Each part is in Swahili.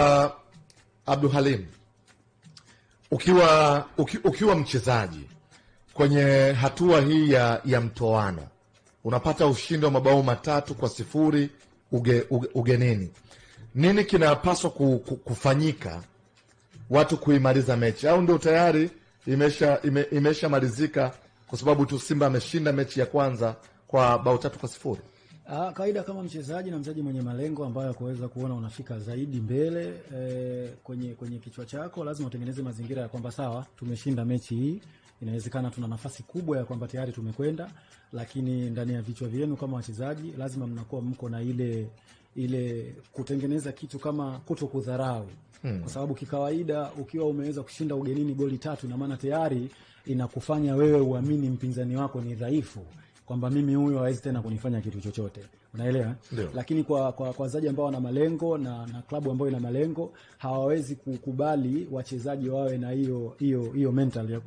uh, Abdul Halim, ukiwa uki, ukiwa mchezaji kwenye hatua hii ya, ya mtoano unapata ushindi wa mabao matatu kwa sifuri uge, uge, ugenini, nini kinapaswa ku, ku, kufanyika watu kuimaliza mechi, au ndio tayari imesha ime, imeshamalizika? Kwa sababu tu Simba ameshinda mechi ya kwanza kwa bao tatu kwa sifuri. Ah, kawaida kama mchezaji na mchezaji mwenye malengo ambayo kuweza kuona unafika zaidi mbele e, kwenye kwenye kichwa chako lazima utengeneze mazingira ya kwamba sawa, tumeshinda mechi hii, inawezekana tuna nafasi kubwa ya kwamba tayari tumekwenda, lakini ndani ya vichwa vyenu kama wachezaji lazima mnakuwa mko na ile ile kutengeneza kitu kama kuto kudharau hmm. Kwa sababu kikawaida ukiwa umeweza kushinda ugenini goli tatu, ina maana tayari inakufanya wewe uamini mpinzani wako ni dhaifu kwamba mimi huyo hawezi tena kunifanya kitu chochote unaelewa eh? Lakini kwa kwa wachezaji ambao wana malengo na na klabu ambayo ina malengo hawawezi kukubali wachezaji wawe na hiyo hiyo hiyo mental hiyo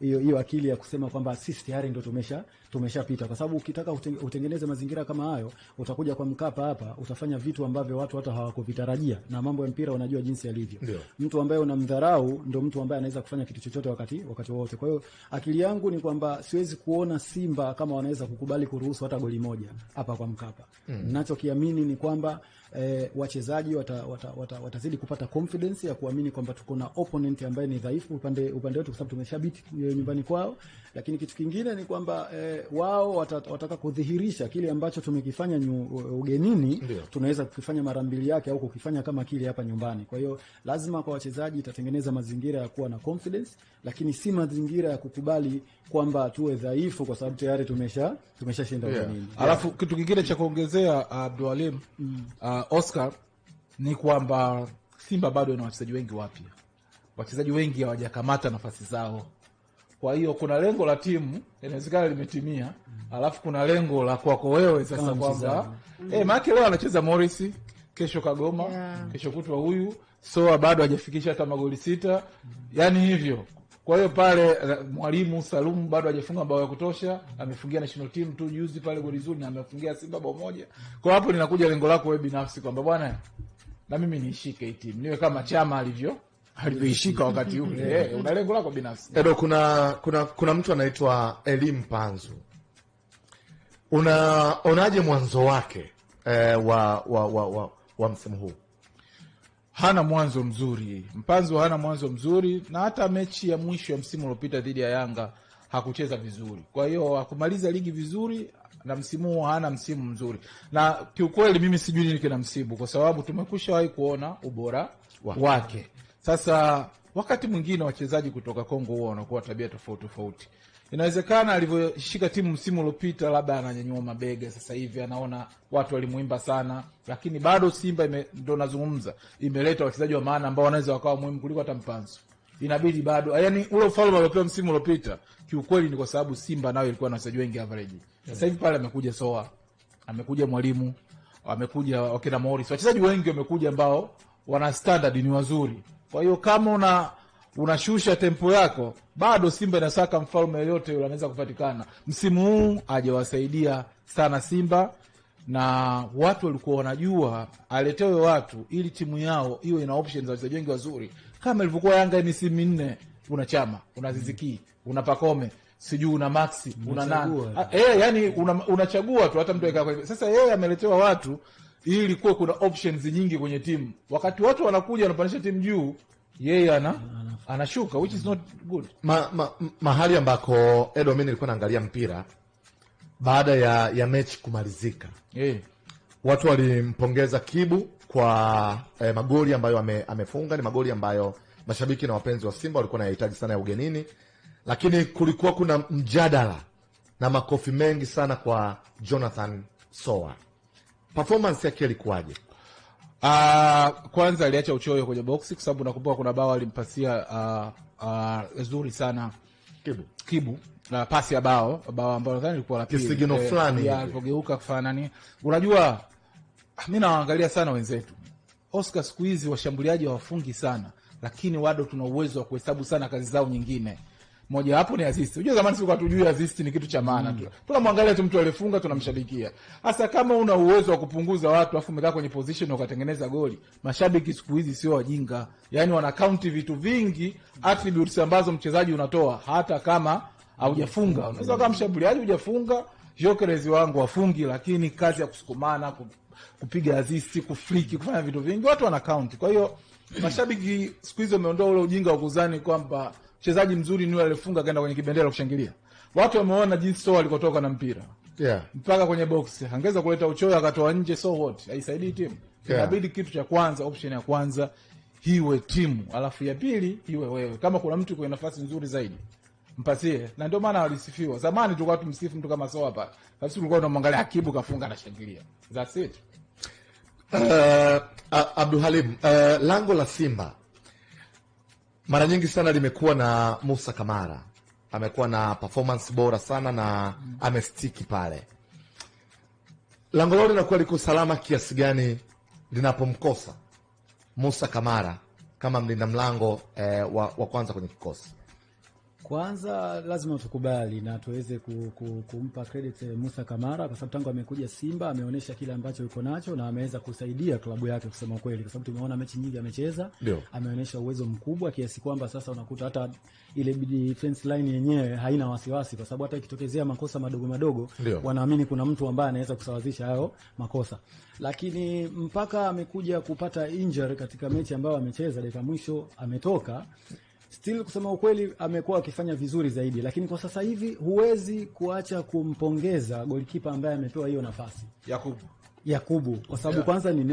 hiyo hiyo akili ya kusema kwamba sisi tayari ndio tumesha tumeshapita, kwa sababu ukitaka utengeneze mazingira kama hayo, utakuja kwa Mkapa hapa utafanya vitu ambavyo watu hata hawakuvitarajia, na mambo ya mpira unajua jinsi yalivyo. Mtu ambaye unamdharau ndio mtu ambaye anaweza kufanya kitu chochote wakati wakati wote. Kwa hiyo akili yangu ni kwamba siwezi kuona Simba kama wanaweza kukubali kuruhusu hata goli moja hapa kwa Mkapa hapa. Mm. Nachokiamini ni kwamba eh, wachezaji watazidi wata, wata, wata wata kupata confidence ya kuamini kwamba tuko na opponent ambaye ni dhaifu upande upande wetu, kwa sababu tumeshabiti eh, nyumbani kwao. Lakini kitu kingine ni kwamba eh, wao watata, wataka kudhihirisha kile ambacho tumekifanya eh, ugenini, tunaweza kukifanya mara mbili yake au kukifanya kama kile hapa nyumbani. Kwa hiyo lazima kwa wachezaji itatengeneza mazingira ya kuwa na confidence, lakini si mazingira ya kukubali kwamba tuwe dhaifu kwa sababu tayari tumesha tumeshashinda ugenini. Alafu yeah. yeah. kitu kingine cha kuongezea Abdulalim mm. uh, Oscar ni kwamba Simba bado ina wachezaji wengi wapya, wachezaji wengi hawajakamata nafasi zao. Kwa hiyo kuna lengo la timu inawezekana limetimia, alafu kuna lengo la kwako wewe sasa kwamba eh, maana leo anacheza Morris, kesho Kagoma, yeah. kesho kutwa huyu Soa bado hajafikisha hata magoli sita, yani hivyo kwa hiyo pale eh, mwalimu Salum bado hajafunga bao ya kutosha, amefungia national team tu juzi pale goli zuri, na amefungia Simba bao moja. Kwa hapo linakuja lengo lako wewe binafsi kwamba bwana, na mimi niishike hii timu niwe kama chama alivyo alivyoishika wakati ule. Mm. Eh, una lengo lako binafsi. Edo, kuna kuna kuna mtu anaitwa Elimu Panzu, unaonaje mwanzo wake eh, wa, wa, wa, wa, wa msimu huu? hana mwanzo mzuri, Mpanzu hana mwanzo mzuri, na hata mechi ya mwisho ya msimu uliopita dhidi ya Yanga hakucheza vizuri, kwa hiyo hakumaliza ligi vizuri na msimu huu hana msimu mzuri, na kiukweli mimi sijui nini kina msibu, kwa sababu tumekushawahi kuona ubora wake. Sasa wakati mwingine wachezaji kutoka Kongo huwa wanakuwa tabia tofauti tofauti. Inawezekana alivyoshika timu msimu uliopita, labda ananyanyua mabega sasa hivi, anaona watu walimuimba sana, lakini bado Simba ndo nazungumza, imeleta wachezaji wa maana ambao wanaweza wakawa muhimu kuliko hata mpanzo Inabidi bado, yaani ule ufalme aliopewa msimu uliopita kiukweli ni kwa sababu Simba nayo ilikuwa na wachezaji wengi average. Sasa hivi pale amekuja Soa, amekuja Mwalimu, amekuja wakina Morris, wachezaji wengi wamekuja ambao wana standard, ni wazuri. Kwa hiyo kama una unashusha tempo yako, bado Simba inasaka mfalme yoyote yule anaweza kupatikana. Msimu huu ajawasaidia sana Simba, na watu walikuwa wanajua aletewe watu ili timu yao iwe ina options za wachezaji wengi wazuri, kama ilivyokuwa Yanga misimu minne, una Chama, una Ziziki, una Pakome sijui una Maxi, una nani ah, eh, yani unachagua una tu hata mtu akaa sasa. Yeye ameletewa watu ili kuwe kuna options nyingi kwenye timu, wakati watu wanakuja wanapandisha timu juu yeye ana anashuka which is not good. Ma, ma, mahali ambako Edomin nilikuwa naangalia mpira baada ya, ya mechi kumalizika yeah. Watu walimpongeza Kibu kwa eh, magoli ambayo ame, amefunga ni magoli ambayo mashabiki na wapenzi wa Simba walikuwa nayahitaji sana ya ugenini, lakini kulikuwa kuna mjadala na makofi mengi sana kwa Jonathan Soa. Performance yake ilikuwaje? Uh, kwanza aliacha uchoyo kwenye boksi kwa sababu nakumbuka kuna bao alimpasia uh, ah, uh, ah, zuri sana Kibu, Kibu. Uh, pasi ya bao bao ambalo nadhani ilikuwa la pili, kisigino eh, fulani alipogeuka kufanya nini. Unajua mimi naangalia sana wenzetu Oscar, siku hizi washambuliaji hawafungi sana, lakini wado tuna uwezo wa kuhesabu sana kazi zao nyingine moja wapo ni assist. Unajua zamani sikuwa tujui assist ni kitu cha maana mm. tu. Tunamwangalia tu mtu alifunga tunamshabikia. Hasa kama una uwezo wa kupunguza watu afu umekaa kwenye position na ukatengeneza goli, mashabiki siku hizi sio wajinga. Yaani wana count vitu vingi, attributes ambazo mchezaji unatoa hata kama haujafunga. Mm. Unaweza kama mshambuliaji hujafunga, Jokerezi wangu wafungi, lakini kazi ya kusukumana, kupiga assist, kufliki, kufanya vitu vingi, watu wana count. Kwa hiyo mashabiki siku hizi wameondoa ule ujinga wa kuzani kwamba mchezaji mzuri ni yule aliyefunga akaenda kwenye kibendera kushangilia. Watu wameona jinsi Soa alikotoka na mpira. Yeah. Mpaka kwenye box. Angeweza kuleta uchoyo akatoa nje so what? Haisaidii timu. Yeah. Inabidi kitu cha kwanza, option ya kwanza iwe timu, alafu ya pili iwe wewe. Kama kuna mtu kwenye nafasi nzuri zaidi, mpasie. Na ndio maana walisifiwa. Zamani tulikuwa tumsifu mtu kama Soa hapa. Sasa tulikuwa tunamwangalia Akibu kafunga na shangilia. That's it. Uh, Abdul Halim, uh, lango la Simba mara nyingi sana limekuwa na Musa Kamara, amekuwa na performance bora sana na amestiki pale. Lango lao linakuwa liko salama kiasi gani linapomkosa Musa Kamara kama mlinda mlango eh, wa, wa kwanza kwenye kikosi? Kwanza lazima tukubali na tuweze kumpa credit eh, Musa Kamara kwa sababu tangu amekuja Simba ameonyesha kile ambacho yuko nacho na ameweza kusaidia klabu yake kusema kweli, kwa sababu tumeona mechi nyingi amecheza, ameonyesha uwezo mkubwa kiasi kwamba sasa unakuta hata ile defense line yenyewe haina wasiwasi, kwa sababu hata ikitokezea makosa madogo madogo wanaamini kuna mtu ambaye anaweza kusawazisha hayo makosa, lakini mpaka amekuja kupata injury katika mechi ambayo amecheza dakika mwisho ametoka still kusema ukweli amekuwa akifanya vizuri zaidi, lakini kwa sasa hivi huwezi kuacha kumpongeza goalkeeper ambaye amepewa hiyo nafasi Yakubu. Yakubu kwa sababu yeah, kwanza ni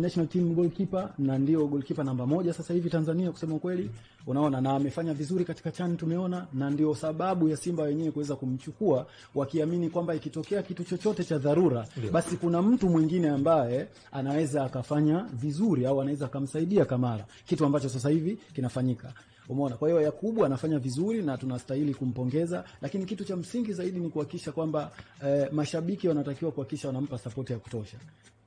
national team goalkeeper na ndio goalkeeper namba moja sasa hivi Tanzania, kusema ukweli, unaona, na amefanya vizuri katika chani tumeona, na ndio sababu ya Simba wenyewe kuweza kumchukua wakiamini kwamba ikitokea kitu chochote cha dharura yeah, basi kuna mtu mwingine ambaye anaweza akafanya vizuri au anaweza akamsaidia Kamara, kitu ambacho sasa hivi kinafanyika. Umeona? Kwa hiyo Yakubu anafanya vizuri na tunastahili kumpongeza, lakini kitu cha msingi zaidi ni kuhakikisha kwamba eh, mashabiki wanatakiwa kuhakikisha wanampa sapoti ya kutosha.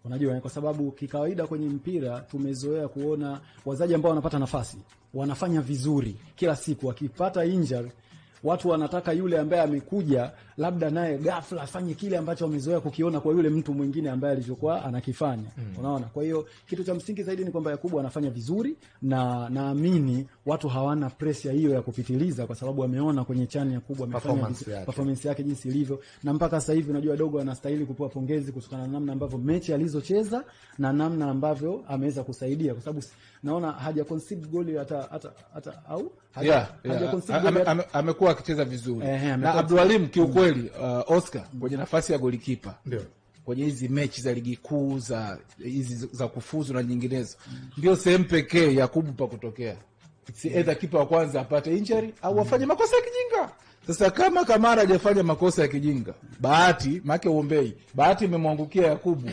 Unajua, kwa sababu kikawaida kwenye mpira tumezoea kuona wazaji ambao wanapata nafasi wanafanya vizuri kila siku, wakipata injury Watu wanataka yule ambaye amekuja labda naye ghafla afanye kile ambacho wamezoea kukiona kwa yule mtu mwingine ambaye alichokuwa anakifanya mm. Unaona, kwa hiyo kitu cha msingi zaidi ni kwamba Yakubu anafanya vizuri, na naamini watu hawana presha hiyo ya kupitiliza, kwa sababu wameona kwenye chani Yakubu amefanya performance yake jinsi ilivyo, na mpaka sasa hivi unajua dogo anastahili kupewa pongezi kutokana na namna ambavyo mechi alizocheza na namna ambavyo ameweza kusaidia, kwa sababu naona haja concede goli hata hata au Amekuwa akicheza vizuri eh, na Abdulhalim kiukweli, uh, Oscar mm. kwenye nafasi ya golikipa kwenye hizi mechi za ligi kuu za hizi za kufuzu na nyinginezo ndio sehemu pekee ya pa kutokea si mm. edha kipa wa kwanza apate injury au mm. afanye makosa ya kijinga. Sasa kama Kamara hajafanya makosa ya kijinga, bahati make uombei, bahati imemwangukia Yakubu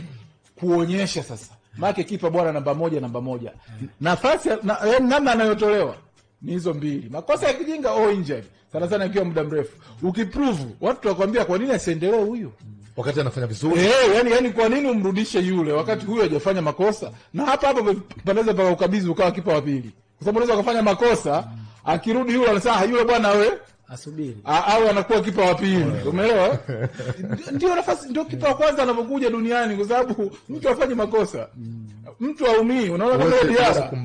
kuonyesha sasa make kipa bwana namba moja namba moja nafasi na, namna anayotolewa ni hizo mbili. Makosa ya kijinga au oh, injury sana sana, ikiwa muda mrefu ukiprove, watu tutakwambia kwa nini asiendelee huyu wakati anafanya vizuri eh, hey, yani yani, kwa nini umrudishe yule wakati huyu hajafanya makosa? Na hapa hapa panaweza paka ukabidhi ukawa kipa wa pili, kwa sababu unaweza kufanya makosa, akirudi yule anasema ah, yule bwana, we asubiri au anakuwa kipa wa pili, umeelewa? Ndio nafasi, ndio kipa wa kwanza anapokuja duniani, kwa sababu mtu afanye makosa, mm. mtu aumii. Unaona kama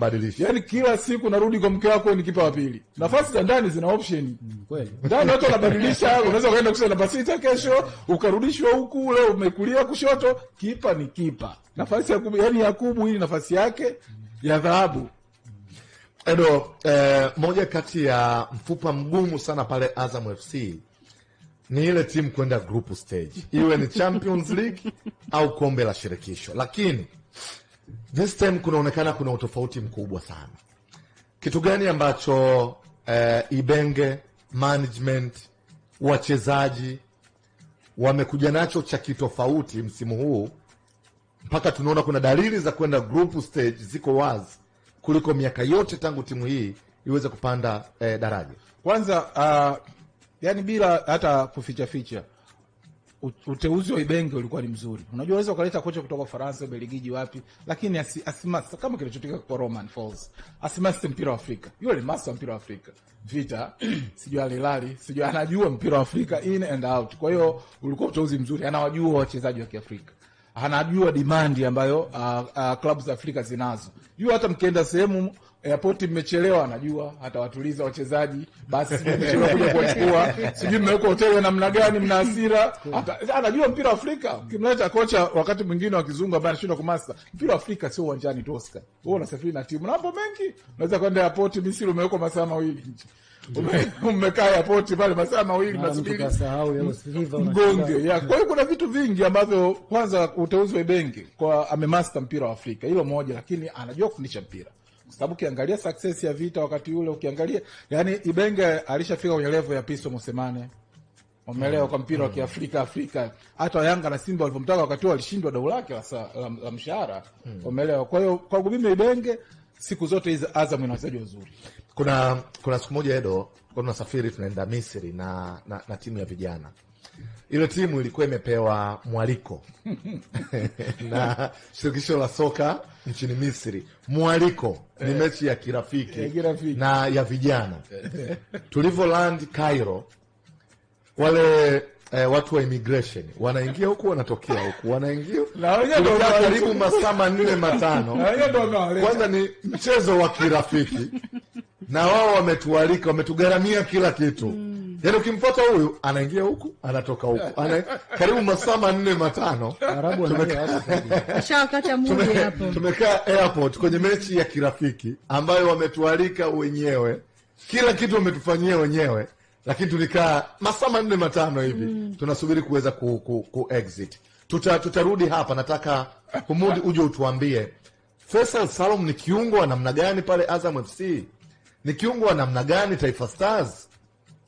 Diara, yani kila siku narudi kwa mke wako, ni kipa wa pili. Mm. Nafasi za ndani zina option mm, kweli, ndani watu wanabadilisha. Unaweza kwenda kucheza namba sita kesho, ukarudishwa huku, leo umekulia kushoto. Kipa ni kipa, nafasi ya kubu, yani Yakubu, hii nafasi yake ya dhahabu Edo, eh, moja kati ya mfupa mgumu sana pale Azam FC ni ile timu kwenda group stage, iwe ni Champions League au kombe la shirikisho, lakini this time kunaonekana kuna utofauti mkubwa sana. Kitu gani ambacho eh, Ibenge management wachezaji wamekuja nacho cha kitofauti msimu huu mpaka tunaona kuna dalili za kwenda group stage ziko wazi kuliko miaka yote tangu timu hii iweze kupanda eh, daraja. Kwanza uh, yani bila hata kuficha ficha uteuzi wa Ibenge ulikuwa ni mzuri. Unajua unaweza ukaleta kocha kutoka Ufaransa, Ubelgiji, wapi, lakini asimasi kama kilichotokea kwa Roman Falls, asimasi mpira wa Afrika. Yule ni masta mpira wa Afrika, vita sijui alilali sijui, anajua mpira wa Afrika in and out. Kwa hiyo ulikuwa uteuzi mzuri, anawajua wachezaji wa Kiafrika anajua dimandi ambayo klabu uh, uh, za Afrika zinazo juu. Hata mkienda sehemu airport mmechelewa, anajua watuliza wachezaji, basi mmechelewa kuja kuwachukua, sijui mmewekwa hoteli namna gani, mna hasira, anajua mpira wa Afrika. Ukimleta kocha wakati mwingine wa kizungu ambaye anashindwa kumasta mpira wa Afrika, sio uwanjani tu, Oscar, wewe unasafiri na timu na mambo mengi, unaweza kwenda airport Misri, umewekwa masaa mawili umekaa yapoti pale masaa mawili nasubiri mgonge ya. Kwa hiyo kuna vitu vingi ambavyo, kwanza uteuzi wa benki kwa amemaster mpira wa Afrika, hilo moja, lakini anajua kufundisha mpira kwa sababu ukiangalia success ya vita wakati ule, ukiangalia yani Ibenge alishafika kwenye level ya Piso Mosemane, umeelewa? Kwa mpira wa mm. Kiafrika Afrika, hata Yanga na Simba walivyomtaka wakati huo alishindwa dau lake la, la mshahara, mm. umeelewa? Kwa hiyo kwangu mimi Ibenge siku zote hizi Azam ina wachezaji wazuri. Kuna kuna siku moja Edo, tunasafiri tunaenda Misri na, na, na timu ya vijana. Ile timu ilikuwa imepewa mwaliko na shirikisho la soka nchini Misri. Mwaliko ni eh. mechi ya kirafiki na ya vijana. Tulivyo land Cairo, wale eh, watu wa immigration wanaingia huku wanatokea huku wanaingia karibu masaa manne matano. Kwanza ni mchezo wa kirafiki na wao wametualika, wametugharamia kila kitu mm. Yani ukimfuata huyu anaingia huku anatoka huku ana, karibu masaa manne matano tumekaa airport kwenye mechi ya kirafiki ambayo wametualika wenyewe, kila kitu wametufanyia wenyewe, lakini tulikaa masaa manne matano hivi mm. tunasubiri kuweza ku, ku, ku exit. Tuta, tutarudi hapa. Nataka Humudi uje utuambie Faisal Salum ni kiungo wa namna gani pale Azam FC? ni kiungo wa namna gani Taifa Stars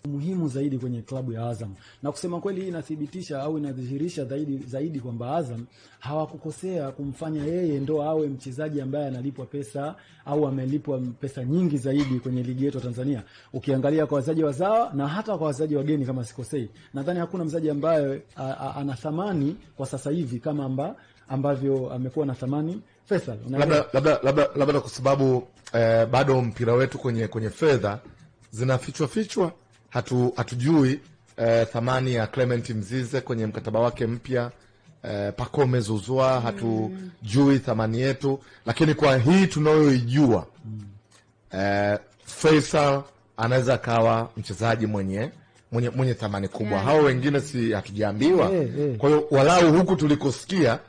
muhimu zaidi kwenye klabu ya Azam. Na kusema kweli, hii inathibitisha au inadhihirisha zaidi zaidi kwamba Azam hawakukosea kumfanya yeye ndo awe mchezaji ambaye analipwa pesa au amelipwa pesa nyingi zaidi kwenye ligi yetu Tanzania, ukiangalia kwa wazaji wazawa na hata kwa wazaji wageni. Kama sikosei, nadhani hakuna mzaji ambaye ana thamani kwa sasa hivi kama amba, ambavyo amekuwa na thamani Faisal, labda labda labda labda kwa sababu eh, bado mpira wetu kwenye kwenye fedha zinafichwa fichwa, hatu hatujui eh, thamani ya Clement Mzize kwenye mkataba wake mpya eh, Pacome Zouzoua mm. hatujui mm. thamani yetu, lakini kwa hii tunayoijua mm. eh, Faisal anaweza akawa mchezaji mwenye mwenye, mwenye thamani kubwa yeah. Hao wengine si hatujaambiwa yeah, yeah. Kwa hiyo walau huku tulikosikia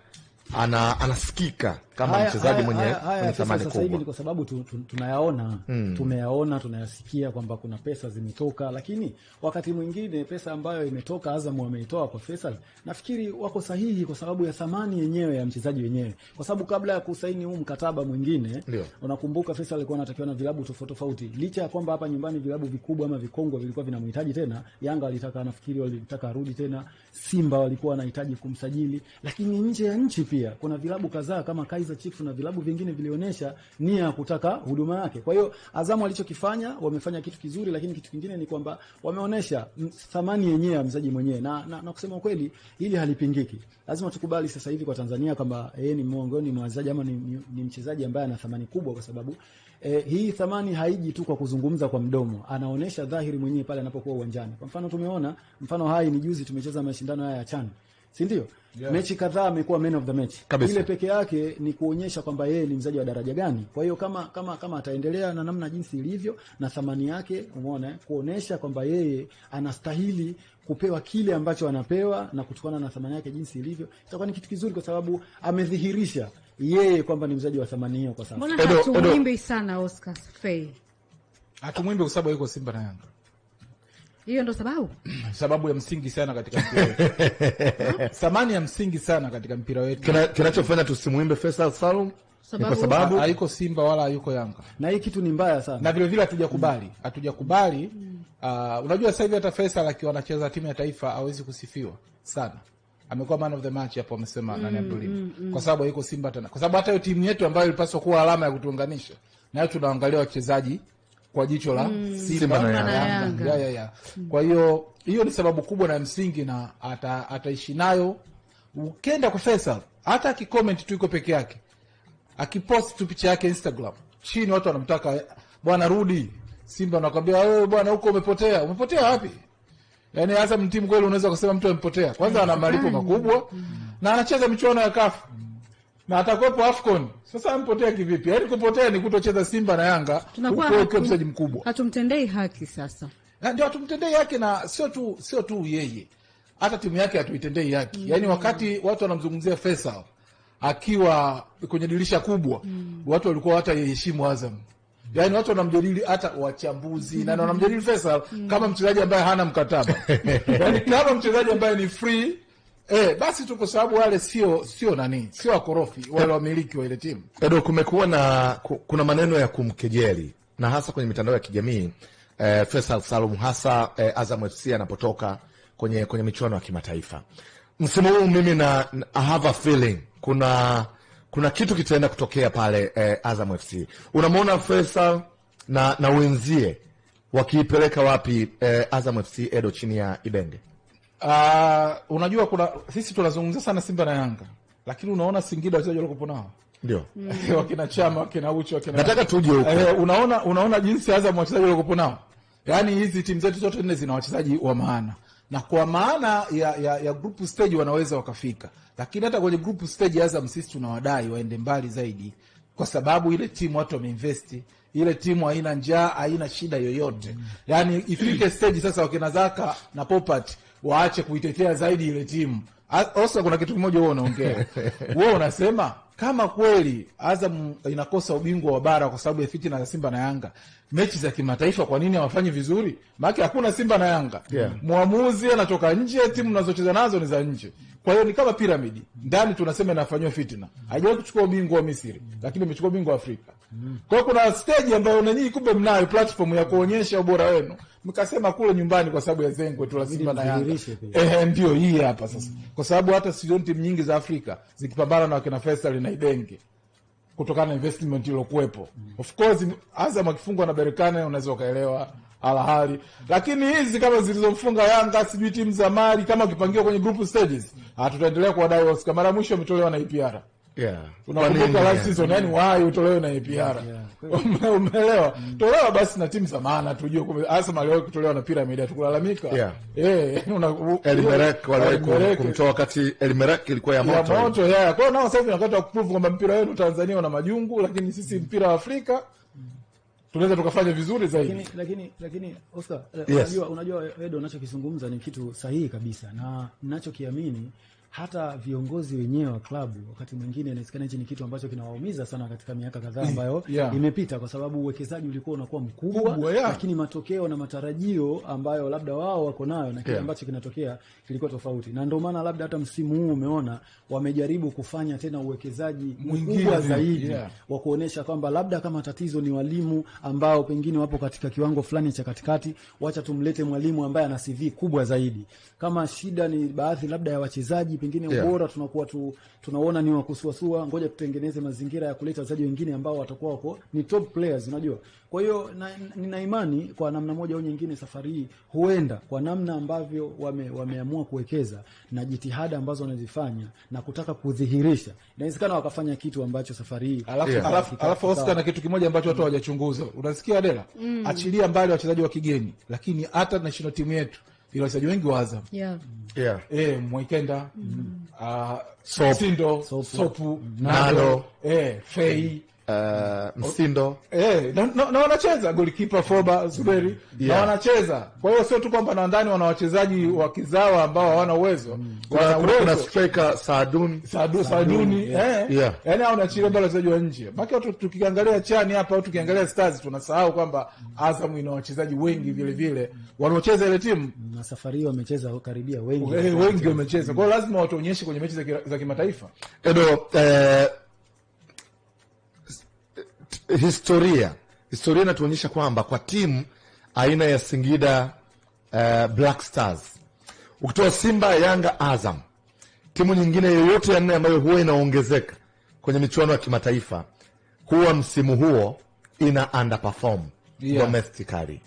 ana, anasikika kama mchezaji mwenye thamani kubwa. kwa sababu tu, tu, tunayaona mm. tumeyaona tunayasikia kwamba kuna pesa zimetoka, lakini wakati mwingine pesa ambayo imetoka Azam wameitoa kwa Faisal, nafikiri wako sahihi kwa sababu ya thamani yenyewe ya mchezaji wenyewe, kwa sababu kabla ya kusaini huu mkataba mwingine, unakumbuka Faisal alikuwa anatakiwa na vilabu tofauti tofauti, licha ya kwamba hapa nyumbani vilabu vikubwa ama vikongwe vilikuwa vinamhitaji tena. Yanga walitaka, nafikiri walitaka arudi tena, Simba walikuwa wanahitaji kumsajili, lakini nje ya nchi pia kuna vilabu kadhaa kama Kaiz Faiza Chifu na vilabu vingine vilionyesha nia ya kutaka huduma yake. Kwa hiyo Azamu alichokifanya wamefanya kitu kizuri, lakini kitu kingine ni kwamba wameonyesha thamani yenyewe ya mzaji mwenyewe na, na, na kusema kweli hili halipingiki. Lazima tukubali sasa hivi kwa Tanzania kwamba yeye eh, ni miongoni mwa wachezaji ama ni, ni, ni mchezaji ambaye ana thamani kubwa kwa sababu eh, hii thamani haiji tu kwa kuzungumza kwa mdomo, anaonyesha dhahiri mwenyewe pale anapokuwa uwanjani. Kwa mfano tumeona mfano hai ni juzi tumecheza mashindano haya ya CHAN si ndio? Yeah. Mechi kadhaa amekuwa man of the match. Kabisa. Ile peke yake ni kuonyesha kwamba yeye ni mzaji wa daraja gani. Kwa hiyo kama kama kama ataendelea na namna jinsi ilivyo na thamani yake, umeona, kuonyesha kwamba yeye anastahili kupewa kile ambacho anapewa na kutokana na thamani yake jinsi ilivyo, itakuwa ni kitu kizuri, kwa sababu amedhihirisha yeye kwamba ni mzaji wa thamani hiyo kwa sasa. Mbona hatumwimbi sana Oscar Faye? Hatumwimbi kwa sababu yuko Simba na Yanga. Hiyo ndo sababu sababu ya msingi sana katika mpira wetu, thamani ya msingi sana katika mpira wetu kinachofanya tusimuimbe Faisal Salum kwa sababu hayuko Simba wala hayuko Yanga, na hii kitu ni mbaya sana, na vilevile hatujakubali hatujakubali. mm. mm. uh, unajua sasa hivi hata Faisal akiwa anacheza timu ya taifa hawezi kusifiwa sana, amekuwa man of the match hapo, amesema mm, nani Abdulim mm, mm. kwa sababu haiko Simba tena, kwa sababu hata hiyo timu yetu ambayo ilipaswa kuwa alama ya kutuunganisha nayo tunaangalia wachezaji kwa jicho la mm, Simba na Yanga ya, ya, ya. Mm. Kwa hiyo hiyo ni sababu kubwa na msingi, na ata, ataishi nayo. Ukenda kwa Faisal, hata akikoment tu iko peke yake, akipost tu picha yake Instagram chini, watu wanamtaka bwana, rudi Simba, nakwambia wewe oh, bwana, huko umepotea. Umepotea wapi? Yaani hasa mtimu kweli, unaweza kusema mtu amepotea? Kwanza ana malipo makubwa mm. na anacheza michuano ya kafu na atakwepo AFCON. Sasa ampotea kivipi? Yaani kupotea ni kutocheza Simba na Yanga, ukiwa mchezaji mkubwa, hatumtendei haki. Sasa ndio hatumtendei haki, na sio tu sio tu yeye, hata timu yake hatuitendei haki mm. Yaani wakati watu wanamzungumzia Faisal akiwa kwenye dirisha kubwa mm. watu walikuwa hata yeheshimu Azam Yaani watu wanamjadili hata wachambuzi mm na wanamjadili Faisal mm kama mchezaji ambaye hana mkataba yaani kama mchezaji ambaye ni free Eh, basi tu kwa sababu wale sio sio nani sio wakorofi wale wamiliki wa ile timu. Edo, kumekuwa na kuna maneno ya kumkejeli na hasa kwenye mitandao ya kijamii eh, Faisal Salum hasa eh, Azam FC anapotoka kwenye kwenye michuano ya kimataifa msimu huu, mimi na I have a feeling kuna kuna kitu kitaenda kutokea pale eh, Azam FC. Unamwona Faisal na na wenzie wakiipeleka wapi eh, Azam FC Edo chini ya Ibenge? Uh, unajua kuna sisi tunazungumzia sana Simba na Yanga, lakini unaona Singida wachezaji walikopo nao ndio mm. wakina Chama wakina Uchi, wakina nataka tuje huko uh, unaona, unaona jinsi Azam wachezaji walikopo nao. Yaani hizi timu zetu zote nne zina wachezaji wa maana na kwa maana ya, ya, ya group stage wanaweza wakafika, lakini hata kwenye group stage Azam sisi tunawadai waende mbali zaidi, kwa sababu ile timu watu wameinvesti ile timu haina njaa, haina shida yoyote. Mm. Yaani ifike stage sasa, wakina Zaka na Popat waache kuitetea zaidi ile timu. Osa, kuna kitu kimoja wewe unaongea wewe unasema kama kweli Azam inakosa ubingwa wa bara kwa sababu ya fitina za Simba na Yanga, mechi za kimataifa kwa nini hawafanyi vizuri? Maana hakuna Simba na Yanga yeah. Mwamuzi anatoka nje, timu nazocheza nazo ni za nje. Kwa hiyo ni kama piramidi ndani, tunasema inafanyiwa fitina. Haijawahi kuchukua ubingwa wa Misri, lakini imechukua ubingwa wa Afrika. Kwa hiyo kuna steji ambayo nanyii, kumbe mnayo platform ya kuonyesha ubora wenu, mkasema kule nyumbani kwa sababu ya zengwe tu la Simba na Yanga. Eh, ndio hii hapa sasa, kwa sababu hata sioni timu nyingi za Afrika zikipambana na wakina Faisal mnaidenge kutokana na investment iliyokuwepo. Of course Azam akifungwa na Berkane unaweza ukaelewa alahali, lakini hizi kama zilizomfunga Yanga, sijui timu za Mali, kama ukipangiwa kwenye group stages, hatutaendelea ah, kuwadai Oscar. Mara mwisho ametolewa na APR, yeah, unakumbuka last season, yani wai utolewe na APR yeah, yeah umeelewa? Tolewa basi na timu za maana tujue. Arsenal leo kutolewa na Pyramid hatukulalamika, yeah. Eh, Elmerek wale kumtoa wakati Elmerek ilikuwa ya moto ya moto, yeah. Kwa nao sasa wakati wa kuprove kwamba mpira wenu Tanzania una majungu, lakini sisi mpira wa Afrika tunaweza tukafanya vizuri zaidi. Lakini lakini, lakini Oscar, eh, yes. Unajua, unajua Edo unachokizungumza ni kitu sahihi kabisa na ninachokiamini hata viongozi wenyewe wa klabu wakati mwingine inawezekana hichi ni kitu ambacho kinawaumiza sana katika miaka kadhaa mm, ambayo yeah. imepita, kwa sababu uwekezaji ulikuwa unakuwa mkubwa Kubwa, yeah. lakini matokeo na matarajio ambayo labda wao wako nayo na kile yeah. ambacho kinatokea kilikuwa tofauti, na ndio maana labda hata msimu huu umeona wamejaribu kufanya tena uwekezaji mkubwa zaidi yeah. wa kuonesha kwamba labda kama tatizo ni walimu ambao pengine wapo katika kiwango fulani cha katikati, wacha tumlete mwalimu ambaye ana CV kubwa zaidi. Kama shida ni baadhi labda ya wachezaji pengine yeah, ubora tunakuwa tu, tunaona ni wakusuasua, ngoja tutengeneze mazingira ya kuleta wachezaji wengine ambao watakuwa wako ni top players, unajua. Kwa hiyo nina imani kwa namna moja au nyingine, safari hii huenda kwa namna ambavyo wame, wameamua kuwekeza na jitihada ambazo wanazifanya na kutaka kudhihirisha, inawezekana wakafanya kitu ambacho safari hii alafu, yeah, alafu, alafu Oscar, na kitu kimoja ambacho watu hawajachunguza mm, unasikia Adela mm, achilia mbali wachezaji wa kigeni, lakini hata national timu yetu ila wachezaji wengi wa Azam yeah. yeah. E, mm. uh, ah, Sop. Sindo Sopu, Sopu Nalo, E, Fei mm. Uh, oh, Msindo ah, eh, na, wanacheza golikipa Foba Zuberi Na wanacheza kwa hiyo sio tu kwamba na ndani wana wachezaji mm. wa kizawa ambao hawana mm. uwezo, kuna striker Saaduni Saaduni, eh. yaani hao wanaachilia bado wachezaji wa nje maki. Tukiangalia chani hapa au tukiangalia Stars tunasahau kwamba mm. Azam ina wachezaji wengi vile vile wanaocheza ile timu, na safari hiyo wamecheza karibia wengi eh, wengi wamecheza. Kwa hiyo lazima watuonyeshe kwenye mechi za kimataifa edo eh, historia historia inatuonyesha kwamba kwa timu aina ya Singida uh, Black Stars ukitoa Simba, Yanga, Azam, timu nyingine yoyote ya nne ambayo huwa inaongezeka kwenye michuano ya kimataifa huwa msimu huo ina underperform yeah, domestically.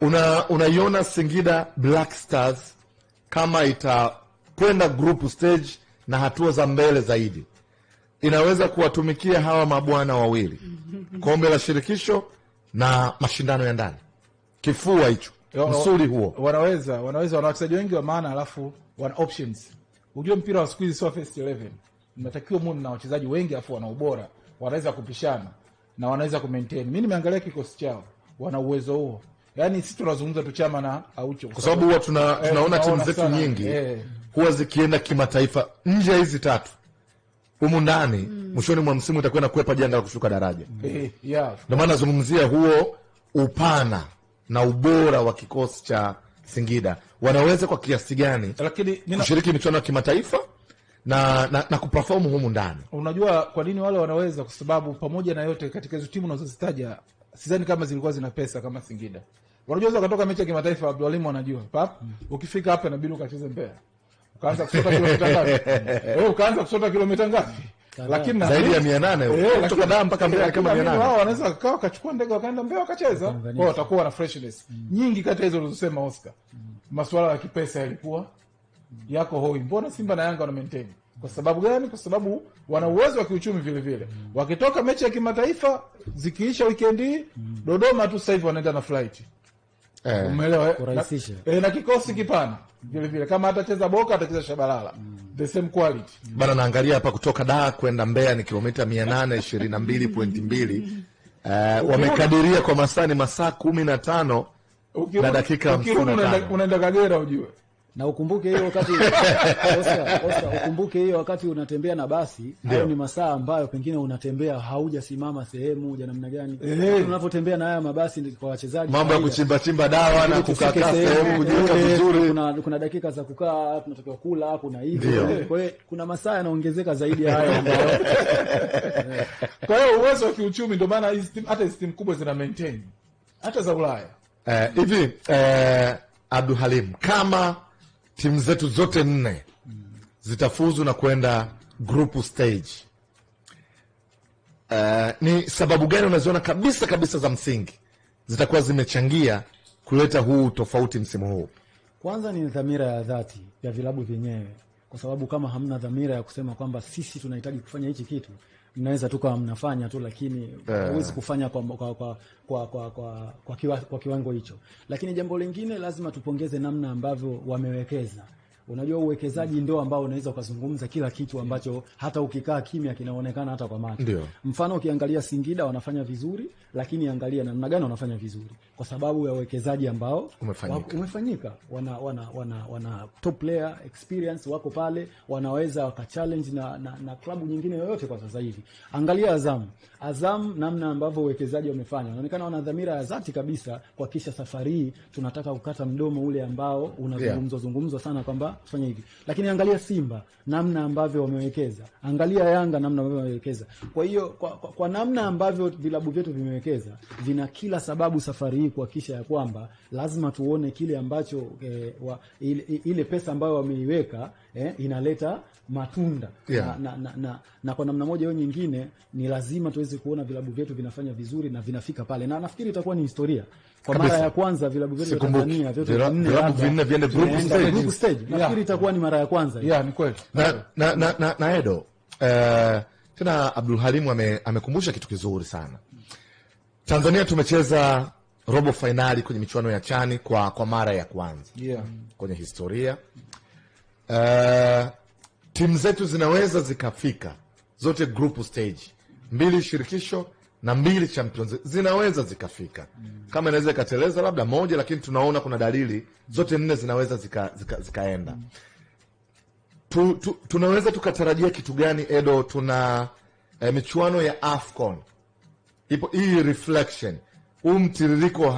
Una unaiona Singida Black Stars kama itakwenda group stage na hatua za mbele zaidi inaweza kuwatumikia hawa mabwana wawili, kombe la shirikisho na mashindano ya ndani. Kifua hicho msuli huo, wanaweza wanaweza, wana wachezaji wengi wa maana, alafu wana options. Ujue mpira wa siku hizi sio first 11 natakiwa muone na wachezaji wengi afu wana ubora, wanaweza kupishana na wanaweza kumaintain. Mimi nimeangalia kikosi chao, wana uwezo huo. Yani sisi tunazungumza tu Chama na Aucho, kwa sababu huwa tuna, eh, tunaona eh, timu zetu nyingi eh, huwa zikienda kimataifa nje ya hizi tatu humu ndani mm. mwishoni mm. mwa msimu itakuwa nakwepa janga la kushuka daraja mm. Eh, eh, yeah, ndio maana nazungumzia huo upana na ubora wa kikosi cha Singida wanaweza kwa kiasi gani kushiriki michuano ya kimataifa na, na, na kuperform humu ndani. Unajua kwa nini wale wanaweza? Kwa sababu pamoja na yote, katika hizo timu unazozitaja sidhani kama zilikuwa zina pesa kama Singida. Wanajua wakatoka mechi ya kimataifa, Abdulwalimu anajua pap, mm. ukifika hapa inabidi ukacheze Mbeya ukaanza kusota kilomita ngapi? Eh, ukaanza kusota kilomita ngapi? Lakini zaidi ya 800 eh, kutoka Dar mpaka eh, Mbeya kama 800. Wao wanaweza kukaa wakachukua ndege wakaenda Mbeya wakacheza. watakuwa freshness mm. nyingi kati hizo ulizosema Oscar. Mm. Masuala ya kipesa yalikuwa mm. yako hoi. Mbona Simba na Yanga wana maintain? Kwa sababu gani? Kwa sababu wana uwezo wa kiuchumi vile vile. Wakitoka mechi ya kimataifa zikiisha weekend hii, Dodoma tu sasa hivi wanaenda na flight. Eh, umeelewa eh? eh, na kikosi kipana vile vile, kama atacheza Boka atacheza Shabalala mm. the same quality bana. Naangalia hapa kutoka da kwenda Mbeya ni kilomita mia nane ishirini na mbili 822.2 mbili eh, wamekadiria kwa masaa ni masaa kumi na dakika tano Unaenda Kagera ujue na ukumbuke hiyo wakati Oscar, Oscar, ukumbuke hiyo wakati unatembea na basi hayo ni masaa ambayo pengine unatembea haujasimama sehemu uja namna gani hey. Eh. Unavyotembea na haya mabasi kwa wachezaji, mambo ya kuchimba chimba dawa na kukaa sehemu kujiweka vizuri, kuna, kuna dakika za kukaa, tunatakiwa kula, kuna hivi Kwa hiyo kuna masaa yanaongezeka zaidi ya hayo ambayo eh. kwa hiyo uwezo wa kiuchumi, ndio maana hata hizi timu kubwa zina maintain hata za Ulaya eh, hivi eh, Abdul Halim kama timu zetu zote nne zitafuzu na kwenda group stage. Uh, ni sababu gani unaziona kabisa kabisa za msingi zitakuwa zimechangia kuleta huu tofauti msimu huu? Kwanza ni dhamira ya dhati ya vilabu vyenyewe, kwa sababu kama hamna dhamira ya kusema kwamba sisi tunahitaji kufanya hichi kitu mnaweza tu kawa mnafanya tu, lakini eh. huwezi yeah. kufanya kwa, kwa, kwa, kwa, kwa, kwa, kwa, kiwa, kwa kiwango hicho. Lakini jambo lingine lazima tupongeze namna ambavyo wamewekeza Unajua uwekezaji ndio ambao unaweza ukazungumza kila kitu ambacho hata ukikaa kimya kinaonekana hata kwa macho. Mfano, ukiangalia Singida wanafanya vizuri, lakini angalia namna gani wanafanya vizuri, kwa sababu ya uwekezaji ambao umefanyika, umefanyika. Wana, wana, wana, wana top player experience wako pale, wanaweza wakachallenge na, na, na klabu nyingine yoyote kwa sasa hivi. Angalia Azam, Azam namna ambavyo uwekezaji wamefanya, unaonekana wana dhamira ya dhati kabisa kuhakikisha safari hii tunataka kukata mdomo ule ambao unazungumzwa yeah, zungumzwa sana kwamba kufanya hivi, lakini angalia Simba namna ambavyo wamewekeza, angalia Yanga namna ambavyo wamewekeza. Kwa hiyo kwa, kwa, kwa namna ambavyo vilabu vyetu vimewekeza, vina kila sababu safari hii kuhakikisha ya kwamba lazima tuone kile ambacho eh, wa, ile, ile pesa ambayo wameiweka eh, inaleta matunda yeah. na, na, na, na na kwa namna moja au nyingine ni lazima tuweze kuona vilabu vyetu vinafanya vizuri na vinafika pale, na nafikiri itakuwa ni historia kwa mara ya kwanza vilabu vyetu vya Tanzania vyote vinne vilabu vinne viende group stage, group stage. Nafikiri itakuwa ni mara ya kwanza yeah, ni kweli na, na, na, na, na Edo uh, tena Abdul Halimu ame, kitu kizuri sana. Tanzania tumecheza robo fainali kwenye michuano ya chani kwa, kwa mara ya kwanza yeah. kwenye historia Uh, timu zetu zinaweza zikafika zote group stage mbili shirikisho na mbili Champions zinaweza zikafika, kama inaweza ikateleza labda moja, lakini tunaona kuna dalili zote nne zinaweza zika, zika, zikaenda. Tu, tu, tunaweza tukatarajia kitu gani Edo? Tuna eh, michuano ya AFCON ipo hii reflection, huu mtiririko